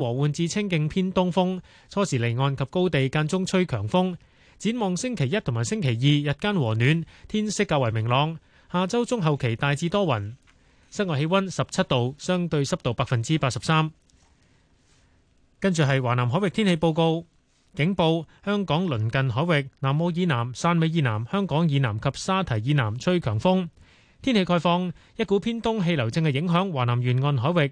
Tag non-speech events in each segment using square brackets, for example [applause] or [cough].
和緩至清勁偏東風，初時離岸及高地間中吹強風。展望星期一同埋星期二日間和暖，天色較為明朗。下周中後期大致多雲，室外氣溫十七度，相對濕度百分之八十三。跟住係華南海域天氣報告，警報：香港鄰近海域南澳以南、汕尾以南、香港以南及沙堤以南吹強風，天氣概況一股偏東氣流正係影響華南沿岸海域。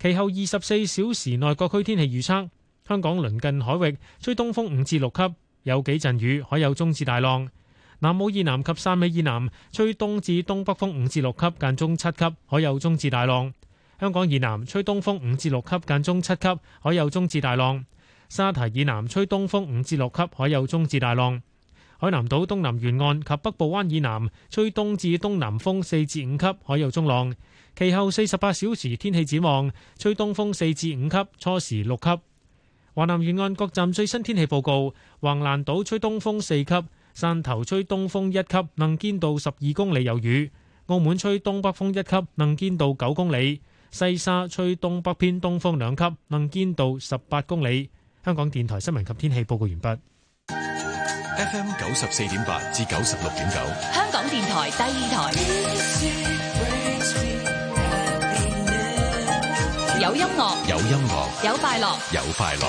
其後二十四小時內各區天氣預測：香港鄰近海域吹東風五至六級，有幾陣雨，海有中至大浪。南澳以南及汕尾以南吹東至東北風五至六級間中七級，海有中至大浪。香港以南吹東風五至六級間中七級，海有中至大浪。沙提以南吹東風五至六級，海有中至大浪。海南島東南沿岸及北部灣以南吹東至東南風四至五級，海有中浪。其後四十八小時天氣展望，吹東風四至五級，初時六級。華南沿岸各站最新天氣報告：橫瀾島吹東風四級，汕頭吹東風一級，能見度十二公里有雨；澳門吹東北風一級，能見度九公里；西沙吹東北偏東風兩級，能見度十八公里。香港電台新聞及天氣報告完畢。FM 九十四點八至九十六點九，香港電台第二台。有音樂，有音樂，有快樂，有快樂。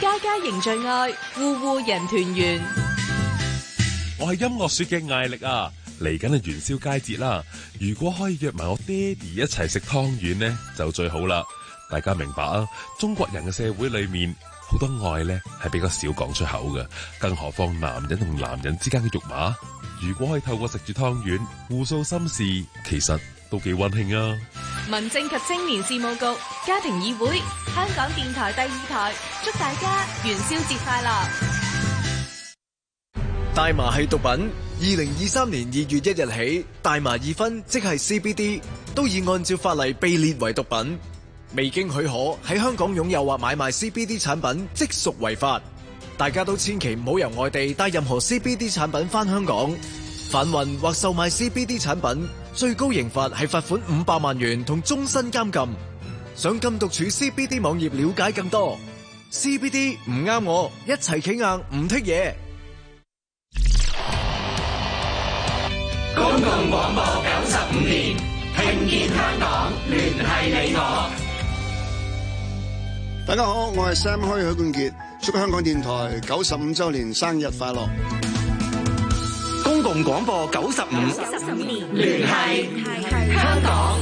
家家迎最愛，戶戶人團圓。我係音樂雪嘅艾力啊！嚟緊係元宵佳節啦，如果可以約埋我爹哋一齊食湯圓呢，就最好啦。大家明白啊，中國人嘅社會裡面。好多愛咧係比較少講出口㗎，更何況男人同男人之間嘅肉麻，如果可以透過食住湯圓互訴心事，其實都幾溫馨啊！民政及青年事務局家庭議會，香港電台第二台，祝大家元宵節快樂！大麻係毒品，二零二三年二月一日起，大麻二酚即係 CBD 都已按照法例被列為毒品。未經許可喺香港擁有或買賣 CBD 產品即屬違法，大家都千祈唔好由外地帶任何 CBD 產品翻香港。販運或售賣 CBD 產品最高刑罰係罰款五百萬元同終身監禁。想禁毒處 CBD 網頁了解更多。CBD 唔啱我，一齊企硬唔剔嘢。公共廣播九十五年，聽見香港，聯繫你我。大家好，我係 Sam，開許冠傑，祝香港電台九十五周年生日快樂！公共廣播九十五年，聯繫香港，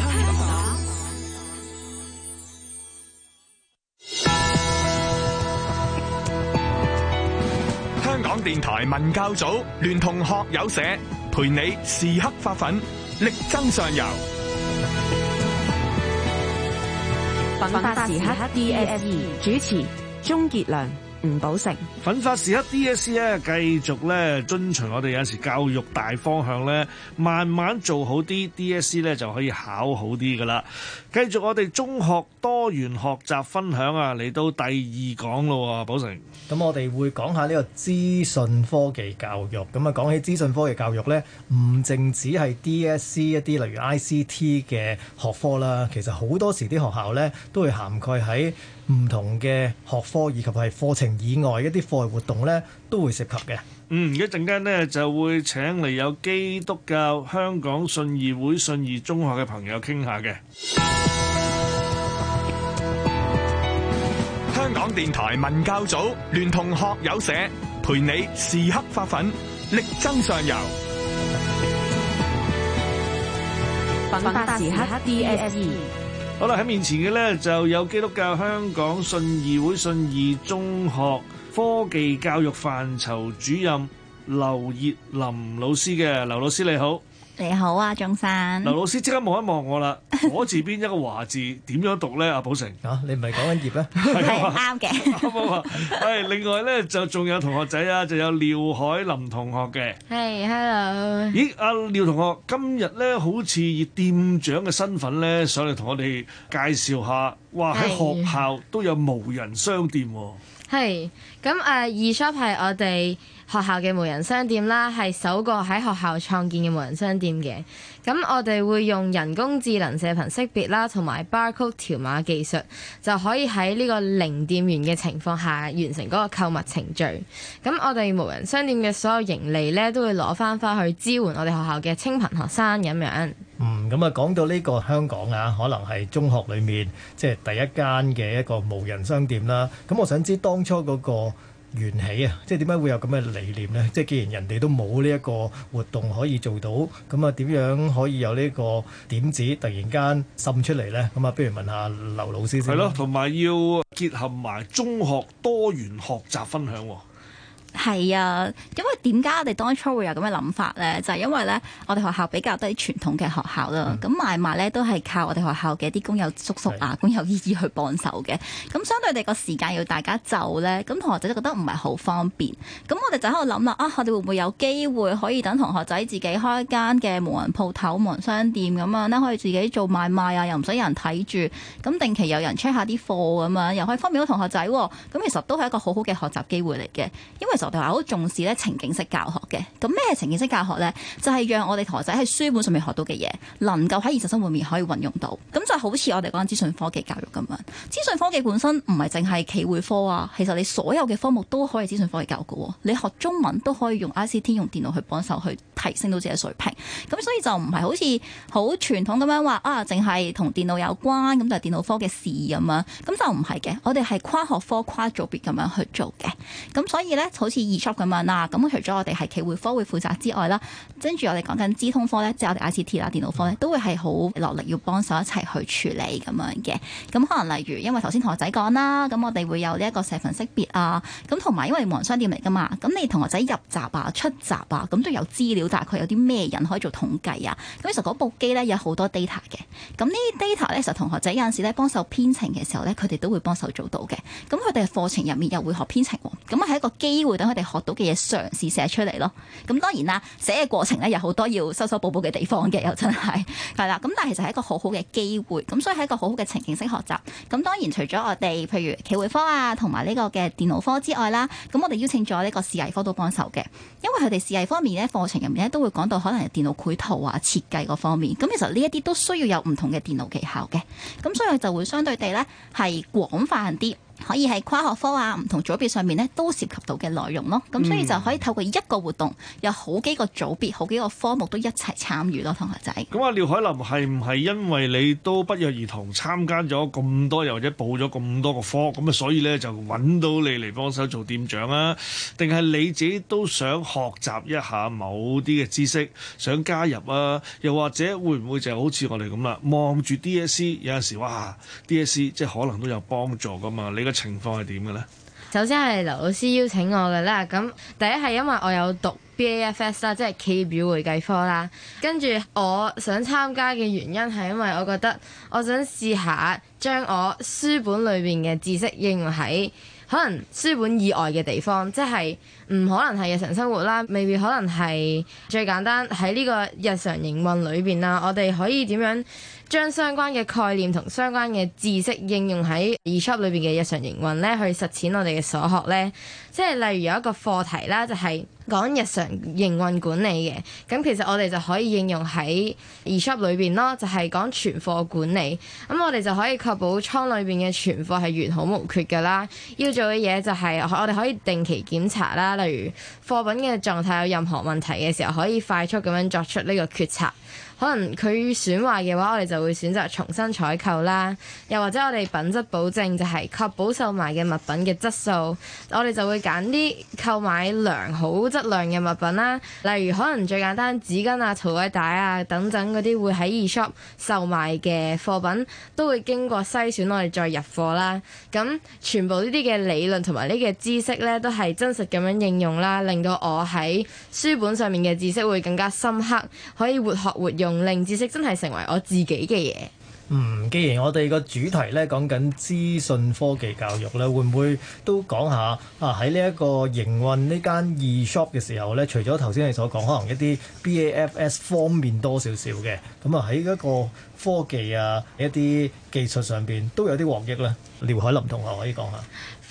香港電台文教組聯同學友社，陪你時刻發奮，力爭上游。文化時刻 DSE 主持鍾傑良。唔，保成。奮發時刻，D.S.C. 咧，繼續咧遵循我哋有陣時教育大方向咧，慢慢做好啲 D.S.C. 咧就可以考好啲噶啦。繼續我哋中學多元學習分享啊，嚟到第二講咯，喎，保成。咁我哋會講下呢個資訊科技教育。咁啊，講起資訊科技教育咧，唔淨止係 D.S.C. 一啲，例如 I.C.T. 嘅學科啦。其實好多時啲學校咧都會涵蓋喺唔同嘅學科以及係課程。以外一啲課外活動咧，都會涉及嘅。嗯，一陣間咧就會請嚟有基督教香港信義會信義中學嘅朋友傾下嘅。香港電台文教組聯同學友社陪你時刻發奮，力爭上游。奮發時刻 DSE。好啦，喺面前嘅呢就有基督教香港信義會信義中學科技教育範疇主任劉燁霖老師嘅，劉老師你好。你好啊，鐘生。劉老師即刻望一望我啦， [laughs] 火字邊一個華字，點樣讀咧？阿寶成，啊，你唔係講緊業咧，係啱嘅。係 [laughs] 另外咧，就仲有同學仔啊，就有廖凱琳同學嘅。係 Hey ,，hello。咦，阿、啊、廖同學今日咧，好似以店長嘅身份咧，上嚟同我哋介紹下。話喺學校都有無人商店喎，哦。係咁誒、uh,，Eshop 係我哋學校嘅無人商店啦，係首個喺學校創建嘅無人商店嘅。咁我哋會用人工智能射頻識別啦，同埋 barcode 條碼技術，就可以喺呢個零店員嘅情況下完成嗰個購物程序。咁我哋無人商店嘅所有盈利咧，都會攞翻翻去支援我哋學校嘅清貧學生咁樣。嗯，咁啊，講到呢個香港啊，可能係中學裏面即係第一間嘅一個無人商店啦。咁我想知當初嗰個緣起啊，即係點解會有咁嘅理念呢？即係既然人哋都冇呢一個活動可以做到，咁啊點樣可以有呢個點子突然間滲出嚟呢？咁啊，不如問問下劉老師先。係咯，同埋要結合埋中學多元學習分享。係啊，因為點解我哋當初會有咁嘅諗法咧？就係、是、因為咧，我哋學校比較多啲傳統嘅學校啦。咁、嗯、買賣咧都係靠我哋學校嘅啲工友叔叔啊、工友姨姨去幫手嘅。咁相對地個時間要大家就咧，咁同學仔覺得唔係好方便。咁我哋就喺度諗啦，啊我哋會唔會有機會可以等同學仔自己開一間嘅無人鋪頭、無人商店咁樣咧？可以自己做買賣啊，又唔使有人睇住。咁定期有人 check 下啲貨咁樣，又可以方便到同學仔，啊。咁其實都係一個好好嘅學習機會嚟嘅，因為我哋話好重視咧情景式教學嘅，咁咩係情景式教學呢？就係、是、讓我哋同學仔喺書本上面學到嘅嘢，能夠喺現實生活面可以運用到。咁就好似我哋講資訊科技教育咁樣，資訊科技本身唔係淨係企會科啊，其實你所有嘅科目都可以資訊科技教育嘅。你學中文都可以用 I C T 用電腦去幫手去提升到自己嘅水平。咁所以就唔係好似好傳統咁樣話啊，淨係同電腦有關咁，就係、是、電腦科嘅事咁樣，咁就唔係嘅。我哋係跨學科、跨組別咁樣去做嘅。咁所以呢，好似 eShop 咁樣啊，咁除咗我哋係企會科會負責之外啦，跟住我哋講緊資通科咧，即係我哋 I C T 啦、電腦科咧，都會係好落力要幫手一齊去處理咁樣嘅。咁可能例如因為頭先同學仔講啦，咁我哋會有呢一個身份識別啊，咁同埋因為無人商店嚟㗎嘛，咁你同學仔入閘啊、出閘啊，咁都有資料，大概有啲咩人可以做統計啊，咁其實嗰部機咧有好多 data 嘅，咁呢 data 咧就同學仔有陣時咧幫手編程嘅時候咧，佢哋都會幫手做到嘅。咁佢哋嘅課程入面又會學編程，咁喺一個機會。佢哋學到嘅嘢嘗試寫出嚟咯，咁當然啦，寫嘅過程咧有好多要修修補補嘅地方嘅，又真係係 [laughs] 啦。咁但係其實係一個好好嘅機會，咁所以係一個好好嘅情景式學習。咁當然除咗我哋譬如企會科啊，同埋呢個嘅電腦科之外啦，咁我哋邀請咗呢個視藝科都幫手嘅，因為佢哋視藝方面咧課程入面咧都會講到可能係電腦繪圖啊、設計嗰方面。咁其實呢一啲都需要有唔同嘅電腦技巧嘅，咁所以就會相對地咧係廣泛啲。可以喺跨學科啊，唔同組別上面咧都涉及到嘅內容咯。咁、嗯、所以就可以透過一個活動有好幾個組別、好幾個科目都一齊參與咯，同學仔。咁啊、嗯、廖凱琳，係唔係因為你都不約而同參加咗咁多，又或者報咗咁多個科，咁啊所以咧就揾到你嚟幫手做店長啊？定係你自己都想學習一下某啲嘅知識，想加入啊？又或者會唔會就好似我哋咁啦？望住 D.S.C. 有陣時哇，D.S.C. 即係可能都有幫助噶嘛？你。個情況係點嘅咧？首先係劉老師邀請我嘅啦，咁第一係因為我有讀 BAFS 啦，即係企業表會計科啦。跟住我想參加嘅原因係因為我覺得我想試下將我書本裏邊嘅知識應用喺可能書本以外嘅地方，即係唔可能係日常生活啦，未必可能係最簡單喺呢個日常營運裏邊啦，我哋可以點樣？將相關嘅概念同相關嘅知識應用喺 eShop 裏邊嘅日常營運咧，去實踐我哋嘅所學咧，即係例如有一個課題啦，就係講日常營運管理嘅。咁其實我哋就可以應用喺 eShop 裏邊咯，就係講存貨管理。咁我哋就可以確保倉裏邊嘅存貨係完好無缺噶啦。要做嘅嘢就係我哋可以定期檢查啦，例如貨品嘅狀態有任何問題嘅時候，可以快速咁樣作出呢個決策。可能佢損壞嘅話，我哋就會選擇重新採購啦；又或者我哋品質保證就係確保售賣嘅物品嘅質素，我哋就會揀啲購買良好質量嘅物品啦。例如可能最簡單紙巾啊、鞋帶啊等等嗰啲會喺 eShop 售賣嘅貨品，都會經過篩選我哋再入貨啦。咁全部呢啲嘅理論同埋呢嘅知識咧，都係真實咁樣應用啦，令到我喺書本上面嘅知識會更加深刻，可以活學活用。零知識真係成為我自己嘅嘢。嗯，既然我哋個主題咧講緊資訊科技教育咧，會唔會都講下啊？喺呢一個營運呢間 eShop 嘅時候咧，除咗頭先你所講，可能一啲 BAFS 方面多少少嘅，咁啊，喺一個科技啊，一啲技術上邊都有啲獲益呢。廖凱琳同學可以講下。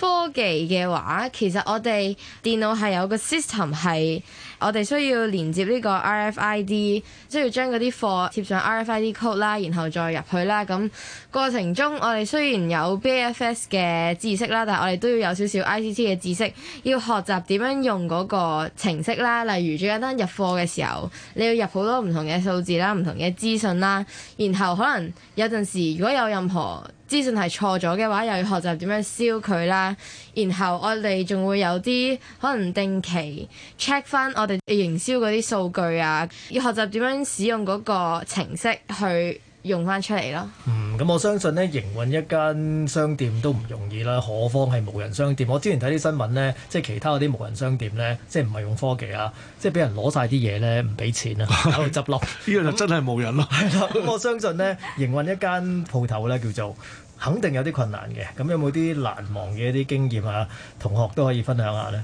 科技嘅話，其實我哋電腦係有個 system 係，我哋需要連接呢個 RFID，需要將嗰啲貨貼上 RFID code 啦，然後再入去啦。咁過程中，我哋雖然有 BFS 嘅知識啦，但係我哋都要有少少 ICT 嘅知識，要學習點樣用嗰個程式啦。例如，最簡單入貨嘅時候，你要入好多唔同嘅數字啦，唔同嘅資訊啦，然後可能有陣時如果有任何資訊係錯咗嘅話，又要學習點樣燒佢啦。然後我哋仲會有啲可能定期 check 翻我哋營銷嗰啲數據啊，要學習點樣使用嗰個程式去用翻出嚟咯。嗯，咁我相信咧營運一間商店都唔容易啦，何況係無人商店。我之前睇啲新聞咧，即係其他嗰啲無人商店咧，即係唔係用科技啊，即係俾人攞晒啲嘢咧唔俾錢啊，喺度執笠。呢個 [laughs] 就真係冇人咯。係啦、嗯，咁 [laughs] 我相信咧營運，運一間鋪頭咧叫做。肯定有啲困難嘅，咁有冇啲難忘嘅一啲經驗啊？同學都可以分享下呢。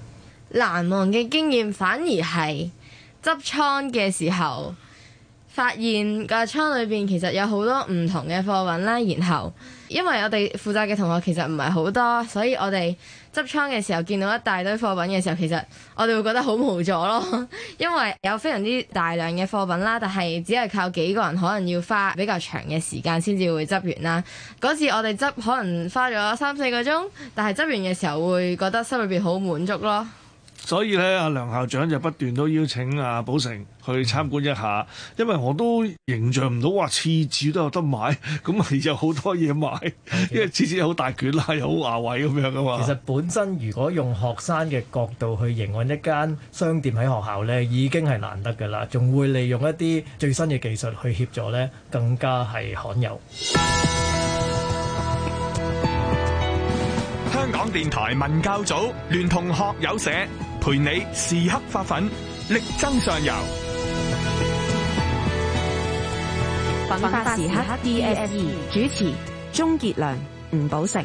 難忘嘅經驗，反而係執倉嘅時候。發現個倉裏面其實有好多唔同嘅貨品啦，然後因為我哋負責嘅同學其實唔係好多，所以我哋執倉嘅時候見到一大堆貨品嘅時候，其實我哋會覺得好無助咯，因為有非常之大量嘅貨品啦，但係只係靠幾個人可能要花比較長嘅時間先至會執完啦。嗰次我哋執可能花咗三四個鐘，但係執完嘅時候會覺得心裏面好滿足咯。所以咧，阿梁校長就不斷都邀請阿、啊、保成去參觀一下，因為我都形象唔到話，次次都有得買，咁又好多嘢買，嗯、因為次次好大卷啦，又好華貴咁樣噶嘛。其實本身如果用學生嘅角度去營運一間商店喺學校咧，已經係難得噶啦，仲會利用一啲最新嘅技術去協助咧，更加係罕有。香港電台文教組聯同學友社。陪你時刻發奮，力爭上游。奮發時刻 DSE 主持鍾杰良、吳寶成。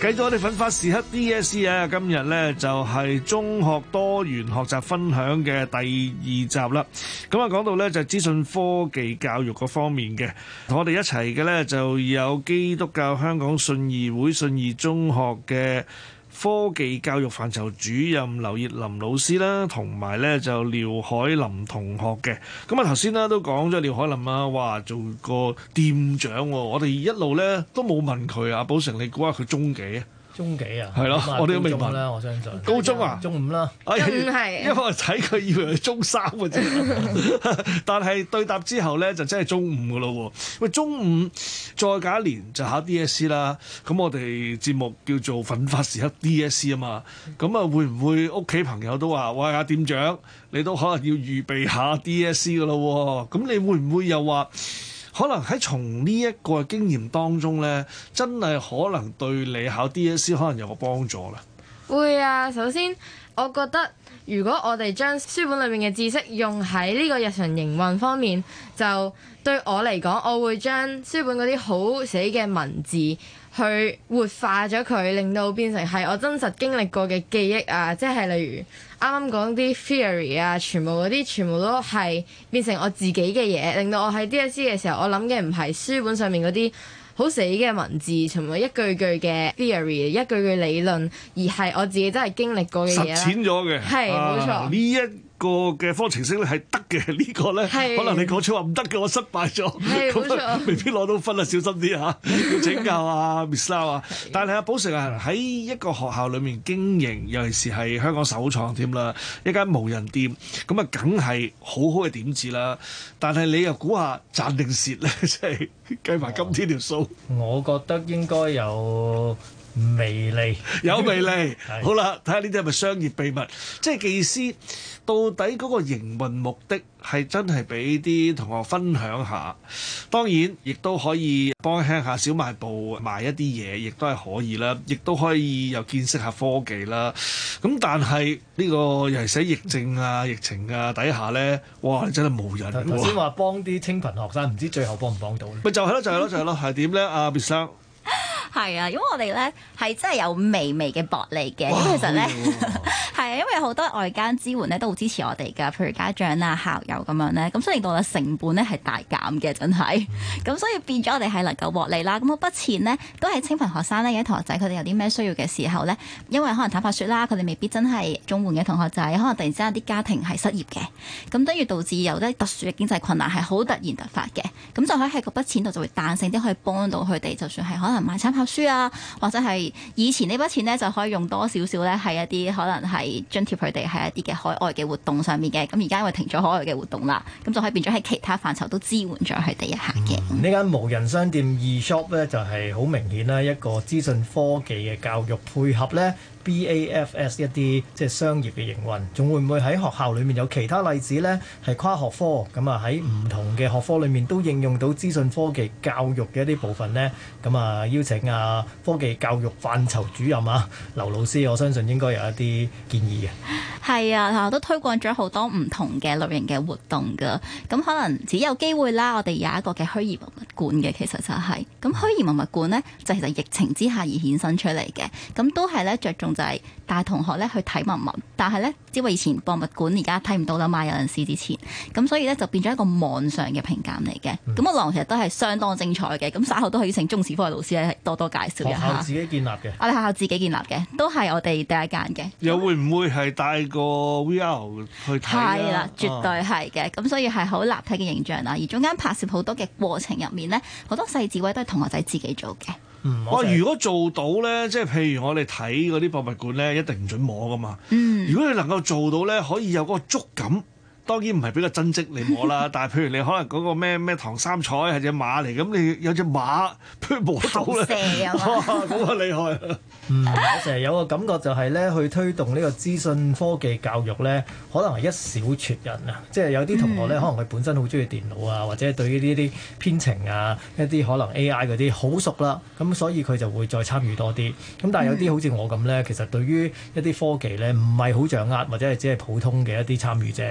繼續我哋奮發時刻 DSE 啊！今日咧就係中學多元學習分享嘅第二集啦。咁啊，講到咧就資訊科技教育嗰方面嘅，同我哋一齊嘅咧就有基督教香港信義會信義中學嘅。科技教育範疇主任劉燁霖老師啦，同埋咧就廖凱琳同學嘅。咁啊，頭先咧都講咗廖凱琳啊，話做個店長。我哋一路咧都冇問佢啊，寶成你估下佢中幾啊？中幾啊？係咯的，嗯、我都要明白啦，啊、我相信。高中啊？中五啦。中五係，是因為睇佢以為佢中三嘅、啊、啫。 [laughs] [laughs] 但係對答之後咧，就真係中五嘅咯喎。喂，中五再隔一年就考 DSE 啦。咁我哋節目叫做《奮發時刻 DSE》啊嘛。咁啊，會唔會屋企朋友都話：喂啊，店長，你都可能要預備下 DSE 嘅咯喎。咁你會唔會又話？可能喺從呢一個經驗當中呢，真係可能對你考 DSE 可能有個幫助啦。會啊，首先我覺得如果我哋將書本裏面嘅知識用喺呢個日常營運方面，就對我嚟講，我會將書本嗰啲好死嘅文字，去活化咗佢，令到變成係我真實經歷過嘅記憶啊！即係例如啱啱講啲 theory 啊，全部嗰啲全部都係變成我自己嘅嘢，令到我喺 DSE 嘅時候，我諗嘅唔係書本上面嗰啲好死嘅文字，全部一句句嘅 theory，一句句理論，而係我自己真係經歷過嘅嘢實踐咗嘅，係冇錯呢一。個嘅方程式咧係得嘅，這個、呢個咧是可能你講出話唔得嘅，我失敗咗，是未必攞到分是啊！小心啲吓，要請教啊，miss Lau 啊。 [laughs] 是但係阿寶石喺一個學校裏面經營，尤其是係香港首創添啦，一間無人店，咁啊梗係好好嘅點子啦。但係你又估下賺定蝕咧？即係計埋今天條數，我覺得應該有。微利有魅力， [laughs] 是好啦，睇下呢啲係咪商業秘密？即係技師到底嗰個營運目的係真係俾啲同學分享下，當然亦都可以幫輕下小賣部賣一啲嘢，亦都係可以啦，亦都可以又見識下科技啦。咁但係呢、呢個又係喺疫症啊、疫情啊底下咧，哇！你真係冇人先、啊、話幫啲清貧學生，唔知最後幫唔幫到咪 [laughs] 就係咯，就係、是、咯，就係、是、咯，係點咧？啊，別生。係啊，因為我哋咧係真係有微微嘅薄利嘅。咁哇其實咧係啊，因為好多外間支援咧都好支持我哋㗎，譬如家長啦、校友咁樣咧。咁所以令到我哋成本咧係大減嘅，真係。咁 [laughs] 所以變咗我哋係能夠獲利啦。咁、那、嗰、個、筆錢咧都係清貧學生咧，而家同學仔佢哋有啲咩需要嘅時候咧，因為可能坦白説啦，佢哋未必真係綜援嘅同學仔，可能突然之間啲家庭係失業嘅。咁都要導致有啲特殊嘅經濟困難係好突然突發嘅。咁就可喺嗰筆錢度就會彈性啲可以幫到佢哋，就算係可能買餐盒。書啊，或者係以前呢筆錢呢，就可以用多少少呢，係一啲可能係津貼佢哋係一啲嘅海外嘅活動上面嘅。咁而家因為停咗海外嘅活動啦，咁就可以變咗喺其他範疇都支援咗佢哋一下嘅。呢間、嗯、無人商店 Eshop 呢，shop 就係好明顯啦，一個資訊科技嘅教育配合呢。B.A.F.S. 一啲即係商業嘅營運，仲會唔會喺學校裏面有其他例子咧？係跨學科咁啊，喺唔同嘅學科裏面都應用到資訊科技教育嘅一啲部分咧。咁啊，邀請啊科技教育範疇主任啊，劉老師，我相信應該有一啲建議嘅。係啊，我都推廣咗好多唔同嘅類型嘅活動噶，咁可能只有機會啦，我哋有一個嘅虛擬博物館嘅。其實就係咁虛擬博物館咧，就係其實疫情之下而衍生出嚟嘅。咁都係咧着重。就係帶同學咧去睇文物，但係咧，只不過以前博物館而家睇唔到啦嘛，有陣時之前，咁所以咧就變咗一個網上嘅評鑑嚟嘅。咁個內容其實都係相當精彩嘅，咁稍後都可以請中史科嘅老師咧多多介紹下。學校自己建立嘅，我哋學校自己建立嘅，都係我哋第一間嘅。又會唔會係帶個 VR 去睇啊？係啦，絕對係嘅，咁、啊、所以係好立體嘅形象啦。而中間拍攝好多嘅過程入面咧，好多細字位都係同學仔自己做嘅。我如果做到咧，即係譬如我哋睇嗰啲博物館咧，一定唔准摸噶嘛。嗯，如果你能夠做到咧，可以有個觸感。當然唔係比較真跡你摸啦，但係譬如你可能嗰個咩咩唐三彩係隻馬嚟，咁你有隻馬都摸到啦，投射 哇！咁啊厲害。 [laughs] 嗯，我成日有個感覺就係、是、咧，去推動呢個資訊科技教育咧，可能係一小撮人啊，即係有啲同學咧，可能佢本身好中意電腦啊，或者對於呢啲編程啊一啲可能 AI 嗰啲好熟啦，咁所以佢就會再參與多啲。咁但係有啲好似我咁咧，其實對於一啲科技咧唔係好掌握，或者係只係普通嘅一啲參與者。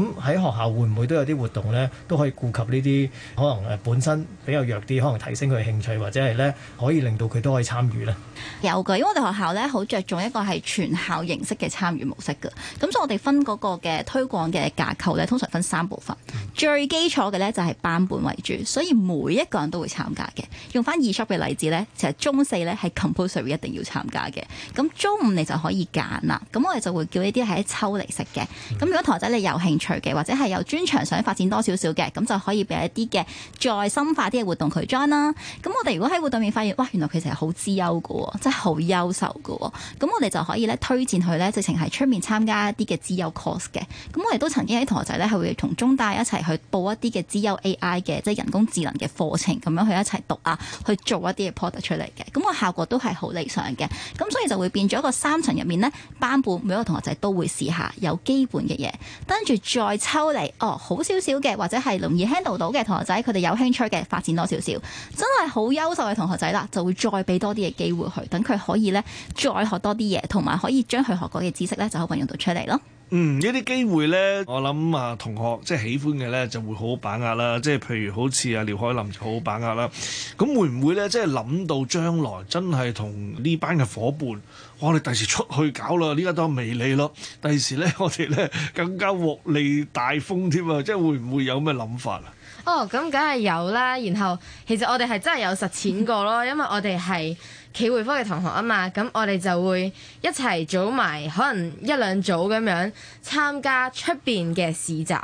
咁喺學校會唔會都有啲活動呢？都可以顧及呢啲可能誒本身比較弱啲，可能提升佢興趣，或者係呢可以令到佢都可以參與呢。有㗎，因為我哋學校呢好着重一個係全校形式嘅參與模式㗎。咁所以我哋分嗰個嘅推廣嘅架構呢，通常分三部分。嗯、最基礎嘅呢就係、是、班本為主，所以每一個人都會參加嘅。用翻 Eshop 嘅例子呢，其實中四呢係 compulsory 一定要參加嘅。咁中五你就可以揀啦。咁我哋就會叫呢啲係抽嚟食嘅。咁、嗯、如果台仔你有興趣，或者係有專長想發展多少少嘅，咁就可以俾一啲嘅再深化啲嘅活動佢 join 啦。咁我哋如果喺活動面發現，哇，原來佢其實係好資優嘅，真係好優秀嘅、哦。咁我哋就可以咧推薦佢咧，直情係出面參加一啲嘅資優 course 嘅。咁我哋都曾經喺同學仔咧，係會同中大一齊去報一啲嘅資優 AI 嘅，即係人工智能嘅課程，咁樣去一齊讀啊，去做一啲嘅 project 出嚟嘅。咁、個效果都係好理想嘅。咁所以就會變咗一個三層入面咧，班部每個同學仔都會試下有基本嘅嘢，跟住再抽嚟哦，好少少嘅或者係容易 handle 到嘅同學仔，佢哋有興趣嘅發展多少少，真係好優秀嘅同學仔啦，就會再俾多啲嘅機會佢，等佢可以咧再學多啲嘢，同埋可以將佢學過嘅知識咧就可運用到出嚟咯。嗯，呢啲機會呢，我諗啊，同學即係喜歡嘅呢，就會好好把握啦。即係譬如好似啊，廖凱琳就好好把握啦。咁會唔會呢？即係諗到將來真係同呢班嘅伙伴，我哋第時出去搞啦，呢家都未嚟咯。第時呢，我哋呢更加獲利大豐添啊！即係會唔會有咩諗法啊？哦，咁梗係有啦。然後其實我哋係真係有實踐過咯，因為我哋係。 [laughs] 企會科嘅同學啊嘛，咁我哋就會一齊組埋可能一兩組咁樣參加出邊嘅市集。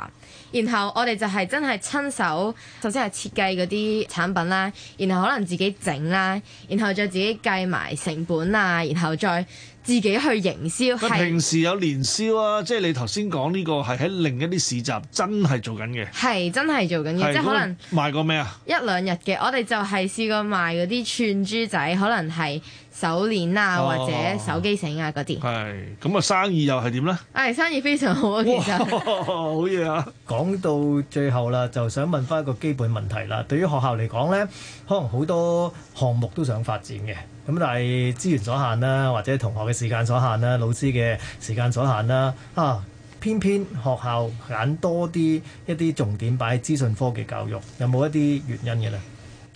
然後我哋就係真係親手，首先係設計嗰啲產品啦，然後可能自己整啦，然後再自己計埋成本啊，然後再。自己去營銷，係平時有年銷啊！即係你頭先講呢個係喺另一啲市集真係做緊嘅，係真係做緊嘅，即係可能賣過咩啊？一兩日嘅，我哋就係試過賣嗰啲串珠仔，可能係手鏈啊，或者手機繩啊嗰啲。係咁啊，生意又係點呢？係生意非常好啊！其實好嘢啊！講到最後啦，就想問返一個基本問題啦。對於學校嚟講呢，可能好多項目都想發展嘅。咁但係資源所限啦，或者同學嘅時間所限啦，老師嘅時間所限啦，啊，偏偏學校揀多啲一啲重點擺喺資訊科技教育，有冇一啲原因嘅咧？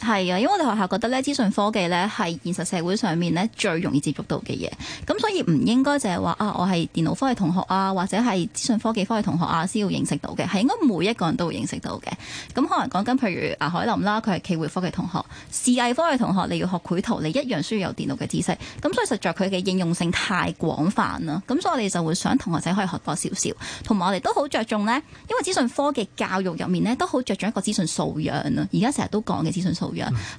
係啊，因為我哋學校覺得咧，資訊科技咧係現實社會上面咧最容易接觸到嘅嘢，咁所以唔應該就係話啊，我係電腦科嘅同學啊，或者係資訊科技科嘅同學啊先會認識到嘅，係應該每一個人都會認識到嘅。咁可能講緊譬如啊，凱琳啦，佢係企會科嘅同學，視藝科嘅同學，你要學繪圖，你一樣需要有電腦嘅知識。咁所以實在佢嘅應用性太廣泛啦。咁所以我哋就會想同學仔可以學多少少，同埋我哋都好着重呢，因為資訊科技教育入面呢，都好着重一個資訊素養啦。而家成日都講嘅資訊素。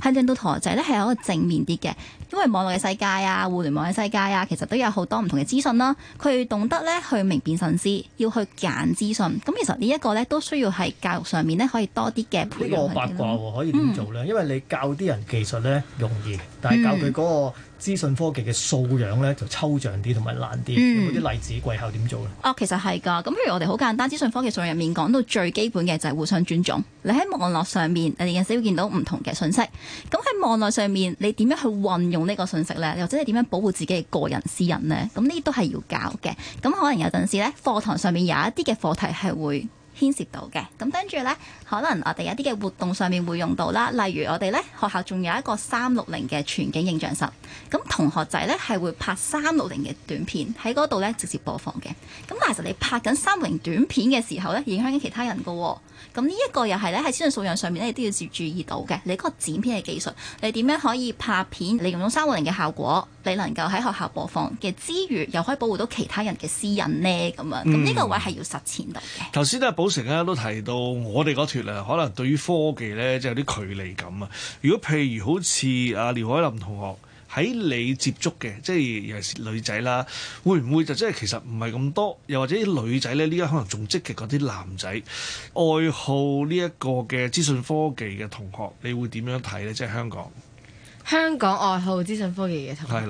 係令到同學仔咧係有一個正面啲嘅，因為網絡嘅世界啊、互聯網嘅世界啊，其實都有好多唔同嘅資訊啦。佢懂得咧去明辨信息，要去揀資訊。咁其實呢一個咧都需要係教育上面咧可以多啲嘅配合。呢個我八卦可以點做咧？嗯、因為你教啲人技術咧容易。但係教佢嗰個資訊科技嘅素養咧，就抽象啲同埋難啲。嗯、有冇啲例子，貴校點做咧？哦，其實係㗎。咁，譬如我哋好簡單資訊科技素養入面講到最基本嘅就係互相尊重。你喺網絡上面，你有時都會見到唔同嘅信息。咁喺網絡上面，你點樣去運用呢個信息咧？或者你點樣保護自己嘅個人私隱咧？咁呢啲都係要教嘅。咁可能有陣時咧，課堂上面有一啲嘅課題係會牽涉到嘅。咁跟住呢，可能我哋有啲嘅活動上面會用到啦，例如我哋呢，學校仲有一個三六零嘅全景影像室，咁同學仔呢，係會拍三六零嘅短片喺嗰度呢直接播放嘅。咁其實你拍緊三六零短片嘅時候呢，影響緊其他人㗎喎。咁呢一個又係呢，喺資訊素養上面呢，你都要注意到嘅。你嗰個剪片嘅技術，你點樣可以拍片利用咗三六零嘅效果？你能夠喺學校播放嘅之餘，又可以保護到其他人嘅私隱呢？咁啊，咁呢個位係要實踐到嘅。頭先都係寶成咧、啊、都提到，我哋嗰脱啊，可能對於科技咧就有啲距離感啊。如果譬如好似啊廖凱琳同學喺你接觸嘅，即係尤其是女仔啦，會唔會就即係其實唔係咁多？又或者啲女仔咧，呢家可能仲積極過啲男仔，愛好呢一個嘅資訊科技嘅同學，你會點樣睇咧？即係香港。香港愛好資訊科技嘅同學，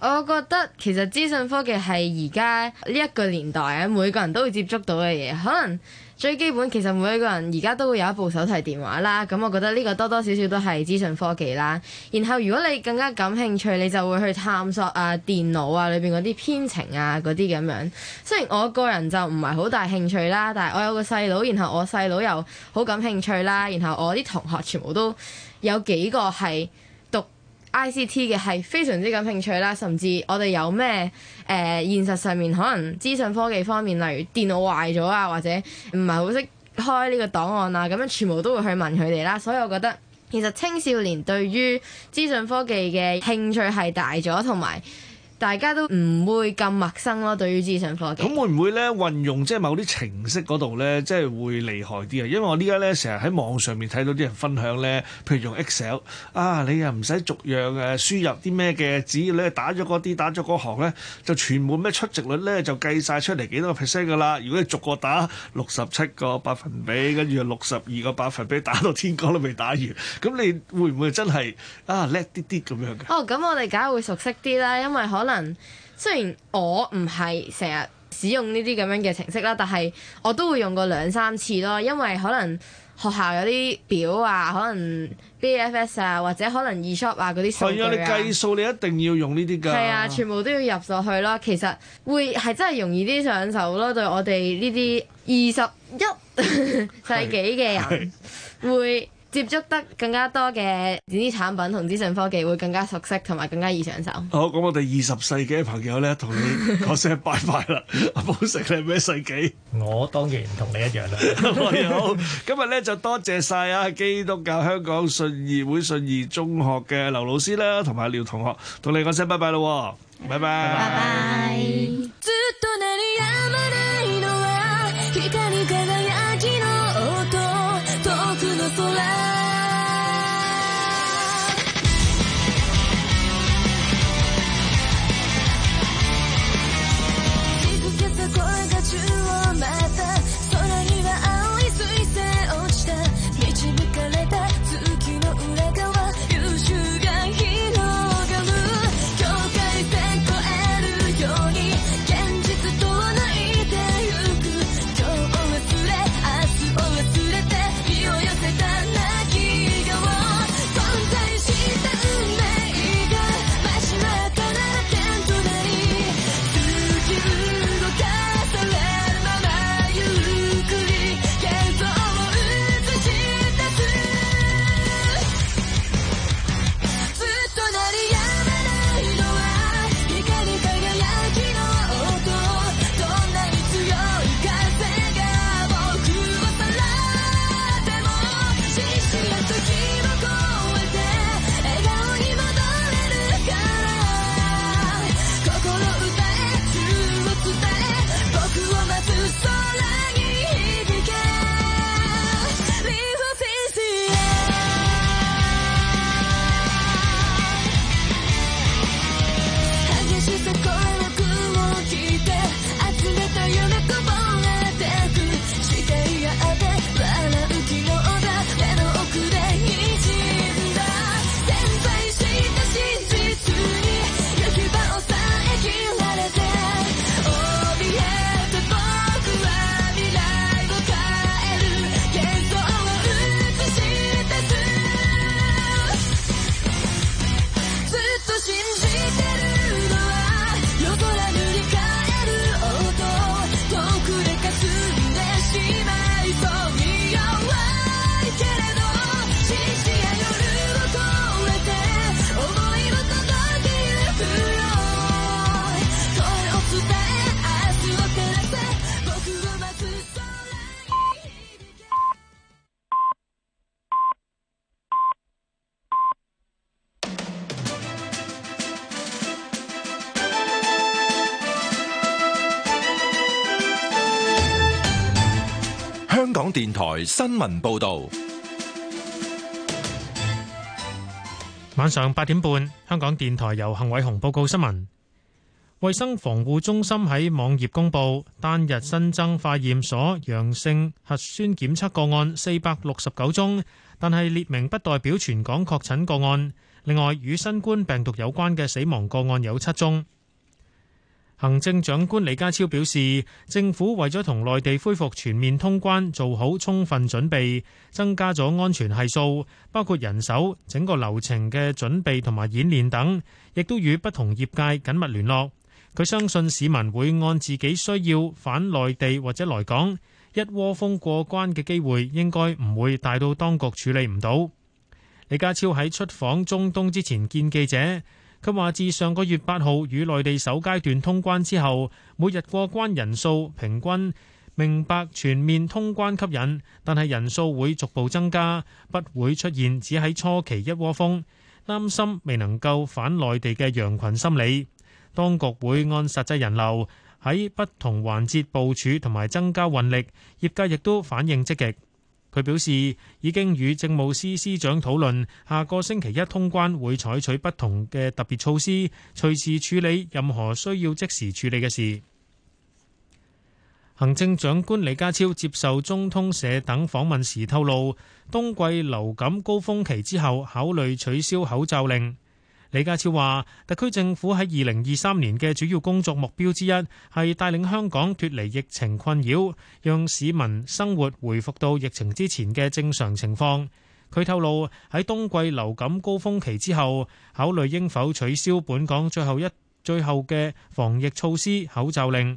我覺得其實資訊科技係而家呢一個年代啊，每個人都會接觸到嘅嘢。可能最基本，其實每一個人而家都會有一部手提電話啦。咁我覺得呢個多多少少都係資訊科技啦。然後如果你更加感興趣，你就會去探索啊電腦啊裏邊嗰啲編程啊嗰啲咁樣。雖然我個人就唔係好大興趣啦，但係我有個細佬，然後我細佬又好感興趣啦。然後我啲同學全部都有幾個係。ICT 嘅係非常之感興趣啦，甚至我哋有咩誒、呃、現實上面可能資訊科技方面，例如電腦壞咗啊，或者唔係好識開呢個檔案啊，咁樣全部都會去問佢哋啦。所以我覺得其實青少年對於資訊科技嘅興趣係大咗，同埋，大家都唔會咁陌生咯，對於資訊科技。咁會唔會咧運用即係某啲程式嗰度咧，即係會厲害啲啊？因為我呢家咧成日喺網上面睇到啲人分享咧，譬如用 Excel 啊，你又唔使逐樣誒、啊、輸入啲咩嘅，只要咧打咗嗰啲，打咗嗰行咧，就全部咩出席率咧就計晒出嚟幾多個 percent 㗎啦。如果你逐個打六十七個百分比，跟住六十二個百分比打到天光都未打完，咁你會唔會真係啊叻啲啲咁樣㗎？哦，咁我哋梗係會熟悉啲啦，因為可能。雖然我唔係成日使用呢啲咁樣嘅程式啦，但係我都會用過兩三次咯，因為可能學校有啲表啊，可能 BFS 啊，或者可能 eShop 啊嗰啲數據，係啊，你計數你一定要用呢啲噶，係啊，全部都要入落去咯。其實會係真係容易啲上手咯，對我哋呢啲二十一世紀嘅人會。接觸得更加多嘅電子產品同資訊科技會更加熟悉同埋更加易上手。好，咁我哋二十世紀嘅朋友咧，同你講聲拜拜啦。阿、 [laughs] 啊、寶石，你係咩世紀？我當然唔同你一樣啦。 [laughs] [laughs] 好，今日咧就多謝晒啊基督教香港信義會信義中學嘅劉老師啦，同埋廖同學，同你講聲拜拜咯拜拜。拜拜。電台新聞報道，晚上八點半，香港電台由幸偉雄報告新聞。衛生防護中心喺網頁公布單日新增化驗所陽性核酸檢測個案四百六十九宗，但係列明不代表全港確診個案。另外，與新冠病毒有關嘅死亡個案有七宗。行政長官李家超表示，政府為咗同內地恢復全面通關，做好充分準備，增加咗安全係數，包括人手、整個流程嘅準備同埋演練等，亦都與不同業界緊密聯絡。佢相信市民會按自己需要返內地或者來港，一窩蜂過關嘅機會應該唔會大到當局處理唔到。李家超喺出訪中東之前見記者。佢話：自上個月八號與內地首階段通關之後，每日過關人數平均，明白全面通關吸引，但係人數會逐步增加，不會出現只喺初期一窩蜂，擔心未能夠返內地嘅羊群心理。當局會按實際人流，喺不同環節部署同埋增加運力，業界亦都反應積極。佢表示，已經與政務司司長討論，下個星期一通關會採取不同嘅特別措施，隨時處理任何需要即時處理嘅事。行政長官李家超接受中通社等訪問時透露，冬季流感高峰期之後考慮取消口罩令。李家超話特區政府喺二零二三年嘅主要工作目標之一，係帶領香港脱離疫情困擾，讓市民生活回復到疫情之前嘅正常情況。佢透露喺冬季流感高峰期之後考慮應否取消本港最後一最後嘅防疫措施口罩令。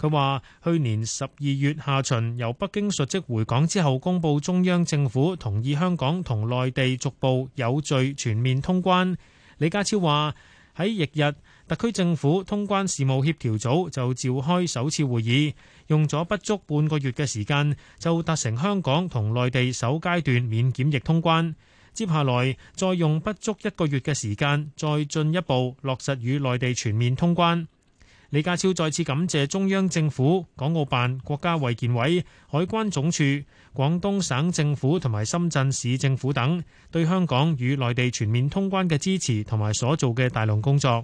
佢話去年十二月下旬由北京述職回港之後公布中央政府同意香港同內地逐步有序全面通關。李家超話，喺翌日，日，特區政府通關事務協調組就召開首次會議，用咗不足半個月嘅時間，就達成香港同內地首階段免檢疫通關，接下來再用不足一個月嘅時間，再進一步落實與內地全面通關。李家超再次感謝中央政府、港澳辦、國家衛健委、海關總署、廣東省政府同埋深圳市政府等對香港與內地全面通關嘅支持同埋所做嘅大量工作。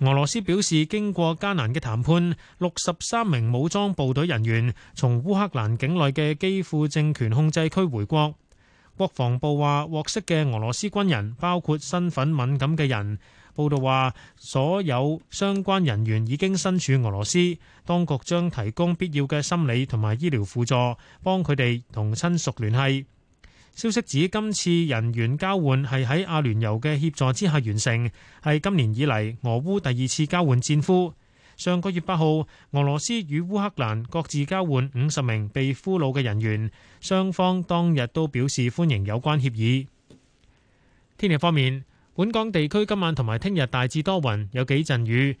俄羅斯表示，經過艱難嘅談判，六十三名武裝部隊人員從烏克蘭境內嘅基輔政權控制區回國。國防部話獲釋嘅俄羅斯軍人包括身份敏感嘅人。報道話所有相關人員已經身處俄羅斯，當局將提供必要嘅心理同埋醫療輔助，幫佢哋同親屬聯繫。消息指今次人員交換係喺阿聯酋嘅協助之下完成，係今年以嚟俄烏第二次交換戰俘。上個月八號，俄羅斯與烏克蘭各自交換五十名被俘虜嘅人員，雙方當日都表示歡迎有關協議。天氣方面，本港地區今晚同埋聽日大致多雲，有幾陣雨。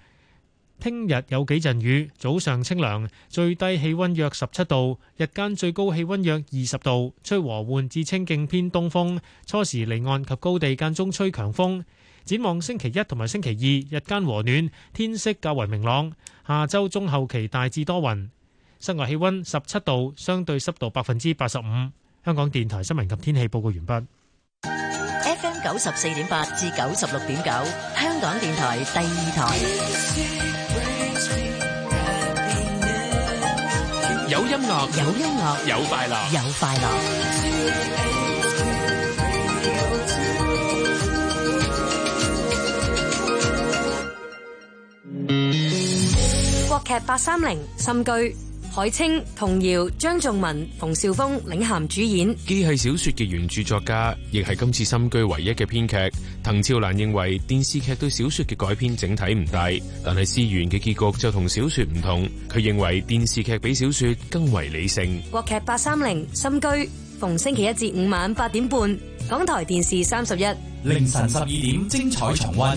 聽日有幾陣雨，早上清涼，最低氣溫約十七度，日間最高氣溫約二十度，吹和緩至清勁偏東風，初時離岸及高地間中吹強風。展望星期一同埋星期二日間和暖，天色較為明朗。下周中後期大致多雲，室外氣溫十七度，相對濕度百分之八十五。香港電台新聞及天氣報告完畢。FM 九十四點八至九十六點九，香港電台第二台。有音樂，有音樂，有快樂，有快樂。劇八三零《心居》，海清、童瑤、張頌文、馮紹峰領銜主演。既係小說嘅原著作家，亦係今次心居唯一嘅編劇。滕肖瀾認為電視劇對小說嘅改編整體唔大，但係思源嘅結局就同小說唔同。佢認為電視劇比小說更為理性。國劇八三零心居，逢星期一至五晚八點半，港台電視三十一，凌晨十二點精彩重溫。